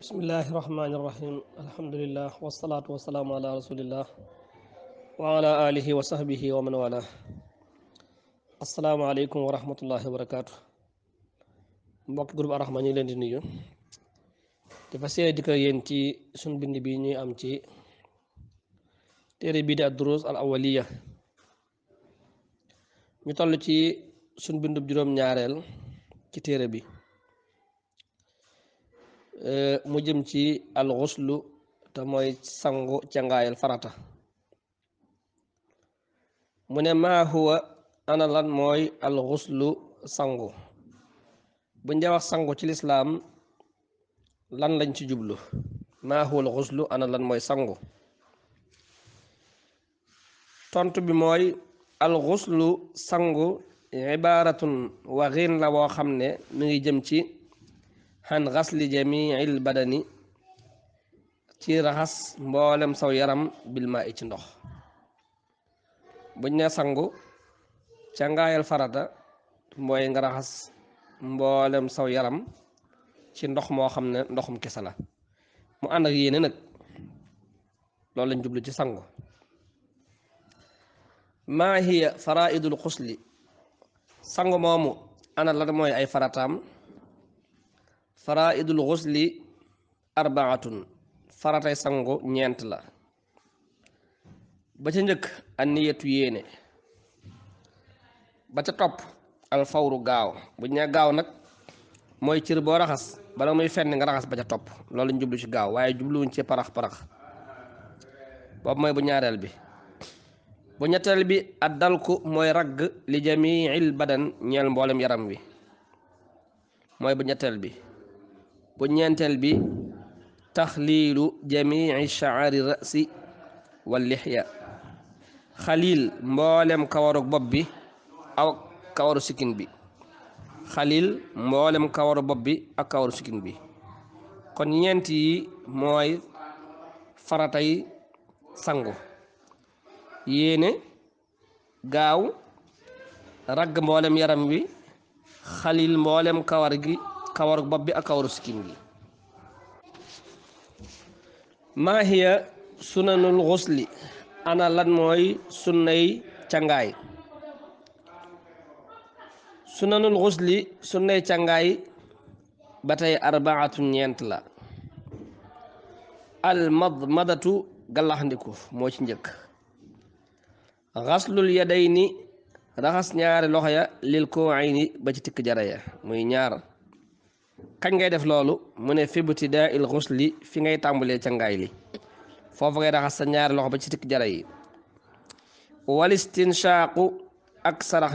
bismillahi rahmaani rahim alhamdulillah wasalaatu wasalaamu ala rasulillah wa ala alihi wa sahbihi wa man wala ngi leen di nuyu dafa seey di ko yéen ci suñ bind bi ñuy am ci téere bii di ad-duruus ñu toll ci suñ bindub juróom ñaareel ci téere bi Euh, mu jëm ci alxuslu te mooy sangu cangaayal farata mu ne maa huwa ana lan mooy alxuslu sangu bu dee sangu ci lislaam lan lañ ci jublu maa huwa ana lan mooy sangu tontu bi mooy alxuslu sangu ibaaratun waxiin la woo xam ne mu ngi jëm ci xan xasli jamiil badani ci raxas mboolem saw yaram bilma i ci ndox buñ ne sangu cangaayal farata mooy nga raxas mboolem saw yaram ci ndox moo xam ne ndoxum kese la mu ànd ak yéene nag loolu lañ jublu ci sangu maa hiya faraidul xusli sangu moomu ana lan mooy ay farataam faraidul idul arbaatun faratay sango ñent la ba ca an niyatu yene ba ca top al fawru gaaw bu ñe gaaw nak moy ciir bo raxas la muy fenn nga raxas ba ca top loolu ñu jublu ci gaaw jublu wuñ ci parax parax bob moy bu ñaarel bi bu bi adal moy rag li jamiil badan ñeel mbolam yaram wi moy bu ñetteel bi bu ñeenteel bi takhlilu jamii shaari rasi wal lihya Khalil, mboolem kawaruk bob bi aw kawaru sikkin bi khalil mboolem kawaru bob bi ak kawaru sikkin bi kon ñent yi farata faratay sangu Yene, gaaw rag mboolem yaram bi khalil mboolem kawar gi Kawar babbi ak kawarug sikkim hiya sunanul ghusli ana lan moy sunnay changay sunanul ghusli sunnay changay batay arba'atun nient la al madmadatu galahndiku mo ci njëkk ghaslul yadayni rahas ñaari loxaya ya lil kuwayni ba ci tik jaraya muy ñaar kañ ngay def loolu mu ne fi butidaa il xusli fi ngay ca cangaay li foofu ngay raxas sa ñaari loxo ba ci tikk jara yi walistinshaqu ak sarax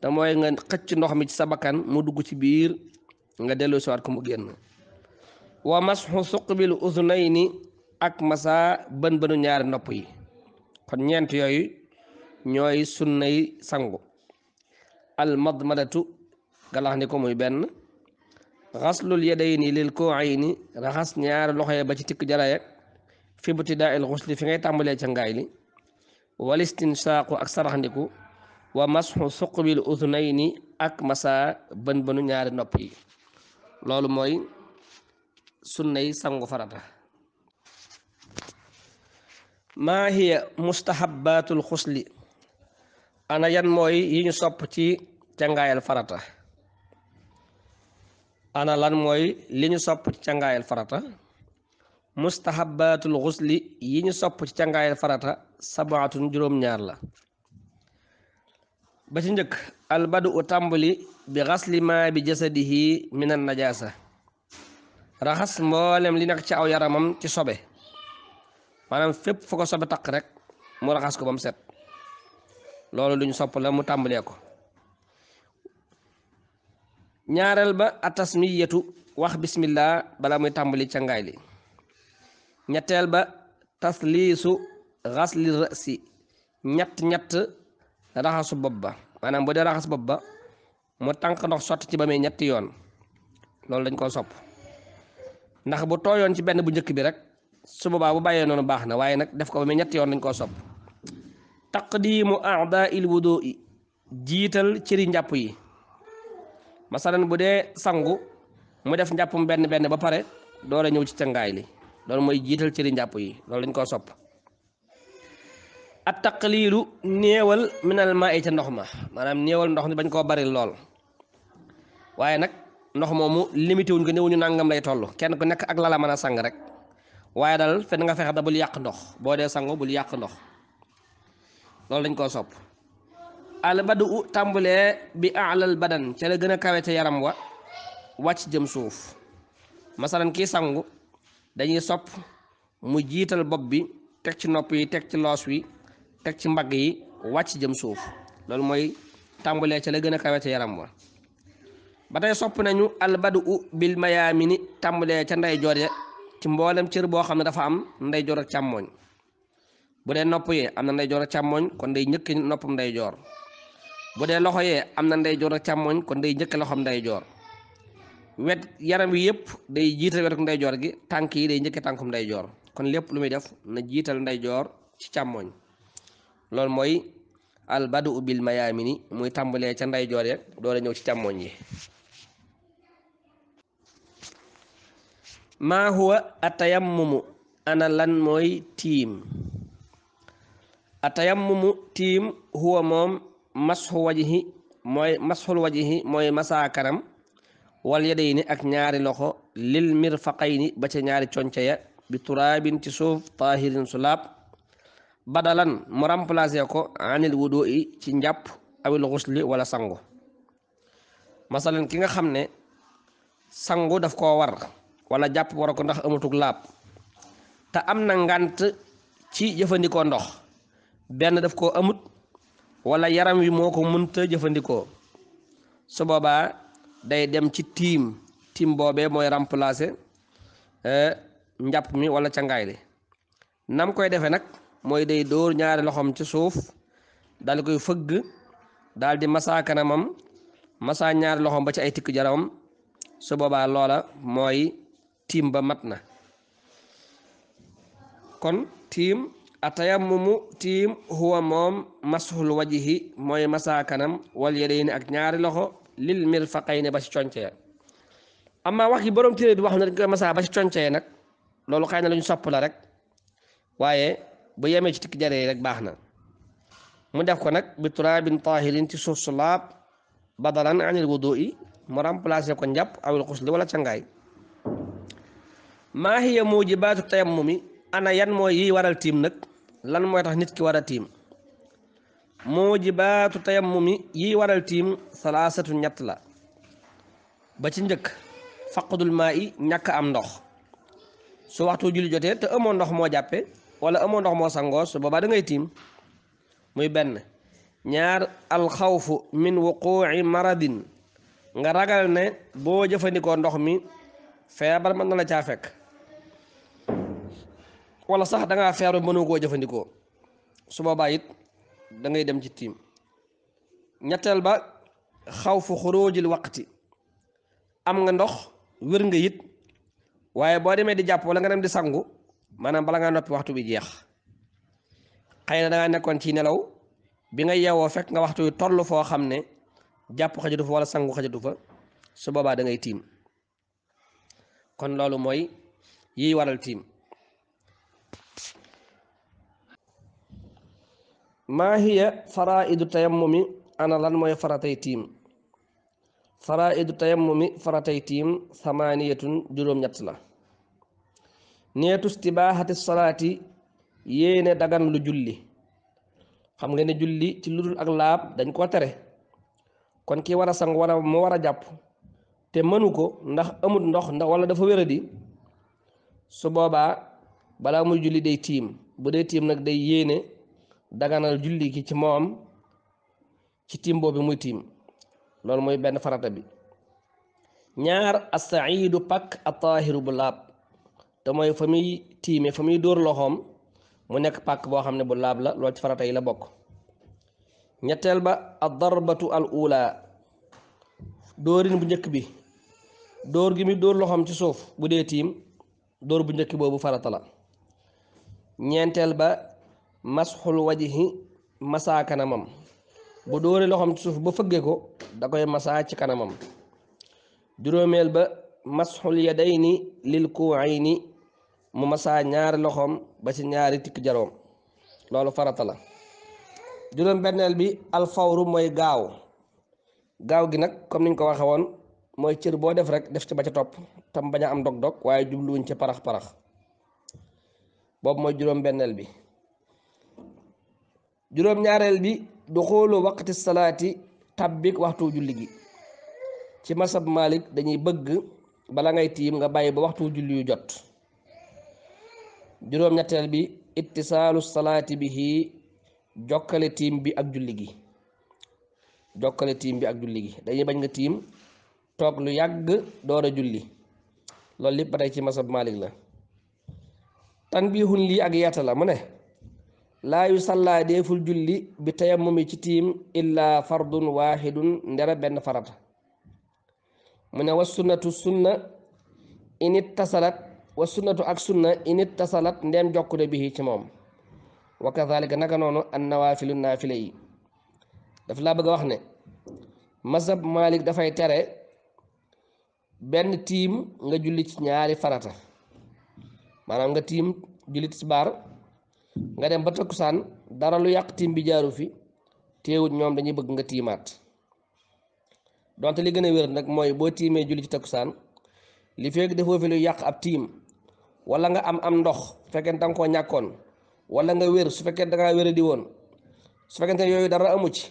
te mooy nga xëcc ndox mi ci sa bakkan mu dugg ci biir nga dellu ko mu génn wa masxu suqbil ak masa bën bënu ñaari nopp yi kon ñeent yooyu ñooy sunnay sangu al madmadatu galax muy benn ghaslul yadayni lil ku'ayni rahas ñaari loxoy ba ci tik jaray ya fi butidaa il xusli fi ngay tambale ci ngay li wal istinsaaqu ak sarahndiku wa mashu suqbil uthnayni ak masa ban banu ñaari nopp yi loolu moy sunnay sangu farata ma hiya mustahabbatul xusli ana yan moy yi ñu sopp ci ngayal farata ana lan moy liñu sopp ci cangaayal farata mustahabbatul xusli yiñu sopp ci cangaayal farata sab'atun jurom ñaar la ba ci ñëk albadu bad'u tambuli bi xasli ma bi jasadihi minan najasa. rahas mboolem li nak ci aw yaramam ci sobe manam fépp fu ko sobe tak rek mu rahas ko bam set lolu sopp la mu ko ñaareel ba atasmiyatu wax bismillah bala muy ca Nyatelba li ñettel ba taslisu ghasli rasi ñett ñett raxasu bobba manam maanaam bu dee raxas bopp ba mu ndox sot ci ba muy yoon lolou dañ ko sop ndax bu toyon ci benn bu njëkk bi rek su bobba bu bàyyee nonu baxna waye nak def ko ba muy yoon dañ ko sop taqdimu a'da'il wudu'i jital ciri yi masalan bu dee sangu mu def njàppum benn benn ba pare door ñëw ci càngaay li loolu mooy jiital cëri njàpp yi loolu dañ koo sopp at taqliilu néewal minal maa yi ca ndox ma maanaam néewal ndox mi bañ koo bari lool waaye nag ndox moomu limité wuñ ko néewuñu nangam lay toll kenn ku nekk ak lala mën a sang rek waaye dal fen nga fexe ba bul yàq ndox boo dee sangu bul yàq ndox loolu dañ koo sopp albadu u tàmbulee bi alal badan ca la gën a kawete yaram wa wàcc jëm suuf masalan kii sangu dañuy sopp mu jiital bopp bi teg ci nopp yi teg ci loos wi teg ci mbagg yi wàcc jëm suuf loolu mooy tàmbulee ca la gën a kawete yaram wa ba tey sopp nañu albadu u bil ni tàmbulee ca ndeyjoor ya ci mboolem cër boo xam ne dafa am ndeyjoor ak càmmooñ bu dee nopp yi am na ndeyjoor ak càmmooñ kon day ñëkk noppam ndeyjoor bu dee loxo yee am na ndeyjoor ak càmmoñ kon day njëkk loxoom ndeyjoor wet yaram wi yépp day jiital wetu ndeyjoor gi tànk yi day jëkk tànkum ndeyjoor kon lépp lu muy def na jiital ndeyjoor ci càmmoñ loolu mooy albadu bil mayaamini muy tàmbalee ca ndeyjoor ya doole ñëw ci càmmoñ yi maa huwa atayammumu ana lan mooy tiim atayammumu tiim huwa moom masxu wajhi mooy masxul wajhi mooy masaa kanam wal yadayni ak ñaari loxo lil mirfaqayni ba ca ñaari conca ya bi turaabin ci suuf taahirin su laab badalan mu remplacé ko anil wudu'i ci njàpp awil xusli wala sangu masalan ki nga xam ne sangu daf ko war wala jàpp war ko ndax amatug laab te am na ngant ci jëfandikoo ndox benn daf koo amut wala yaram wi moo ko mënta jëfandikoo su boobaa day dem ci tiim tiim boobee mooy remplacer eh, njàpp mi wala cangaay li nam koy defee nag mooy day dóor ñaari loxoom ci suuf daal di koy fëgg daal di masaa kanamam masaa ñaari loxoom ba ci ay tikk jaramam su boobaa loola mooy tiim ba mat na kon tim atayammumu tim, huwa mom mashul wajhi moy masakanam, wal yadayni ak ñaari loxo lil mirfaqayni ba ci conce ya. amma wax yi borom tire di wax na dañ koy ba ci conce ya nak lolu xayna lañu sopp la rek waye bu yeme ci tik jare rek baxna mu def ko nak bi turabin tahirin ti sulab badalan anil wudui mo remplacer ko njap awil kosli wala changay ma hiya mujibatu tayammumi ana yan mooy yiy waral tiim nag lan mooy tax nit ki war a tiim moojibaatu tayammumi yiy waral tiim salaasatu ñett la ba ci njëkk faqdul maa yi ñàkk am ndox su waxtu julli jotee te amoo ndox moo jàppe wala amoo ndox moo sa su booba dangay tiim muy benn ñaar alxawfu min wuquuci maradin nga ragal ne boo jëfandikoo ndox mi feebar mën na la caa fekk wala sax da nga feeru mënu koo jëfëndiko su boobaa it da ngay dem ci tim ñettal ba khawfu khurujil waqti am nga ndox wër nga yit waye bo démé di japp wala nga dem di sangu manam bala nga nopi waxtu bi jeex xeyna da nga nekkon ci nelaw bi nga yewo fek nga waxtu wi toll fa wala sangu xajatu fa su baba da ngay tim kon lolu moy yi waral tim maa hiya faraidu tayammumi ana lan mooy faratay tiim faraidu tayammumi faratay tiim samaniyatun juróom-ñett la neetu istibaaxati salaati yéene dagan lu julli xam nga ne julli ci lu dul ak laab dañ koo tere kon ki war a sang war a mu war a jàpp te mënu ko ndax amut ndox ndax wala dafa wéradi su boobaa balaa muy julli day tiim bu dee tiim nag day yéene daganal julli ki ci mom ci tim boobu muy tim loolu moy ben farata bi ñaar asaidu pak ataahiru bu lab, te moy fami timé fami dor loxom mu nek pak bo xamné bu lab la adar ci farata yi la bok ñettel ba ad-darbatu al ula dóorin bu ñëk bi dor gi mi dor loxom ci suuf bu dé tim dor bu ñëk bobu farata la ñentel ba mashul wajhi masaa kanamam bu dóoree loxam ci suuf bu fëggee ko da koy masaa ci kanamam juróomeel ba mashul yadaini lil ku'aini mu masaa ñaar loxam ba ci ñaari tik jarom lolu farata la juróom benneel bi fawru moy gaaw gaaw gi nak comme niñ ko waxe won moy cieur bo def rek def ci ba ca top tam baña am dog-dog djublu jubluwuñ ci parax-parax bob moy juróom benneel bi juróom ñaareel bi du xoolu waqti salaati tabbik waxtu julli gi ci masab malik dañuy bëgg bala ngay tiim nga bàyyi ba waxtu julli yu jot juróom ñetteel bi ittisaalu salaati bihi jokkale tiim bi ak julli gi jokkale tiim bi ak julli gi dañuy bañ nga tiim toog lu yàgg door a julli loolu lépp ba tey ci masab malik la tanbihun lii ak yeeta la mu ne laa yu sallaa deeful julli bi tayammumi ci tiim illaa fardun waahidun ndera benn farata mu ne wa sunnatu sunna init tasalat wa sunnatu ak sunna init tasalat ndeem jokkude bi ci moom wa kazalika naka noonu an nawaafilu naafile yi daf laa bëgg a wax ne mazhab Malik dafay tere benn tiim nga julli ci ñaari farata maanaam nga tiim julli tisbaar nga dem ba takkusaan dara lu yàq tiim bi jaaru fi téewut ñoom dañuy bëgg nga tiimaat donte li gën a wér nag mooy boo tiimee julli ci takkusaan li fekk defoo fi lu yàq ab tiim wala nga am am ndox su fekkee da nga ñàkkoon wala nga wér su fekkee da wér di woon su yooyu dara amu ci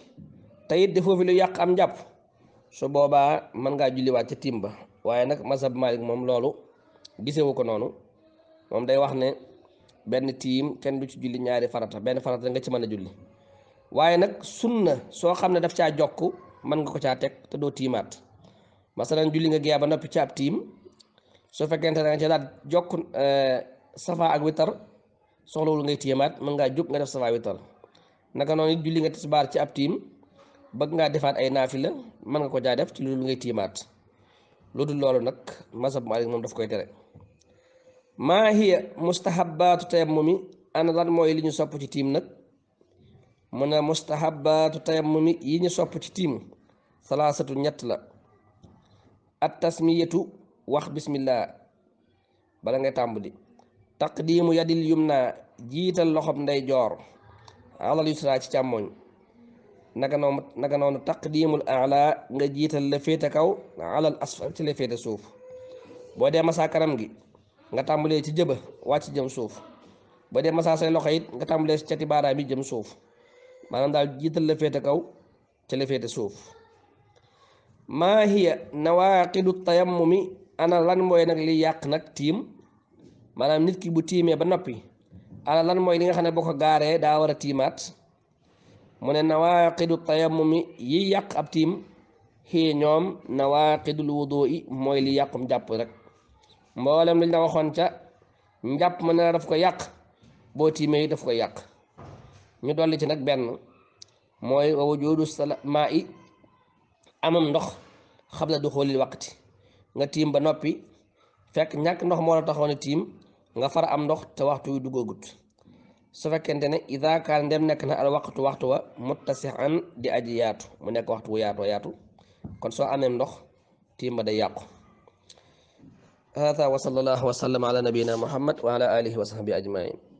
te it defoo fi lu yàq am njàpp su boobaa mën ngaa julliwaat ca tiim ba waaye nag masab Maalik moom loolu gisewu ko noonu moom day wax ne benn tiim kenn lu ci julli ñaari farata benn farata nga ci man a julli waaye nag sunna soo xam ne daf caa jokk mën nga ko caa teg te doo tiimaat masalan julli nga géyaa ba noppi ci tiim soo fekkente ne nga ca daal jokk eh, safa ak witar soxlawul ngay tiimaat mën ngaa jóg nga def safa witar naka noonu it julli nga tisbaar ci ab tiim bëgg ngaa defaat ay naafi la mën nga ko caa def ci loolu ngay tiimaat lu dul loolu nag masab Maalik moom daf koy tere maa hiya mustahabaatu tayammumi ana lan mooy li ñu sopp ci tiim nag mu ne mustahabaatu tayammumi yi ñu sopp ci tiim salaasatu ñett la at tasmiyatu wax bismillah bala ngay tàmbali taqdiimu yadil yumna jiital loxob ndeyjoor alal yusra ci càmmoñ naka noonu naka noonu taqdimul ala nga jiital la féete kaw alal asfal ci la féete suuf boo dee masaa kanam gi nga tàmbalee ci jëba waa ci jëm suuf ba dee masaa say loxo it nga tàmbalee ci cati baaraam yi jëm suuf maanaam daal jiital la féete kaw ca la suuf maa hiya nawaaqidu tayammumi ana lan mooy nag li yàq nag tiim maanaam nit ki bu tiimee ba noppi ana lan mooy li nga xam ne boo ko gaaree daa war a tiimaat mu ne nawaaqidu tayammumi yi yàq ab tiim xii ñoom nawaaqidul wudoo i mooy li yàqum jàpp rek mboolem liñ la waxoon ca njàpp mën na daf ko yàq boo tiimee yi daf ko yàq ñu dolli ci nag benn mooy wa wujudu maa i amam ndox xabla du xoolil waqti nga tiim ba noppi fekk ñàkk ndox moo taxoon a tiim nga far am ndox te waxtu wi duggoogut su fekkente ne ida kaan nekk na al waqtu waxtu wa muttasian di aji yaatu mu nekk waxtu wu yaatu yaatu kon soo amee ndox tiim ba day yàqu هذا وصلى الله وسلم على نبينا محمد وعلى آله وصحبه أجمعين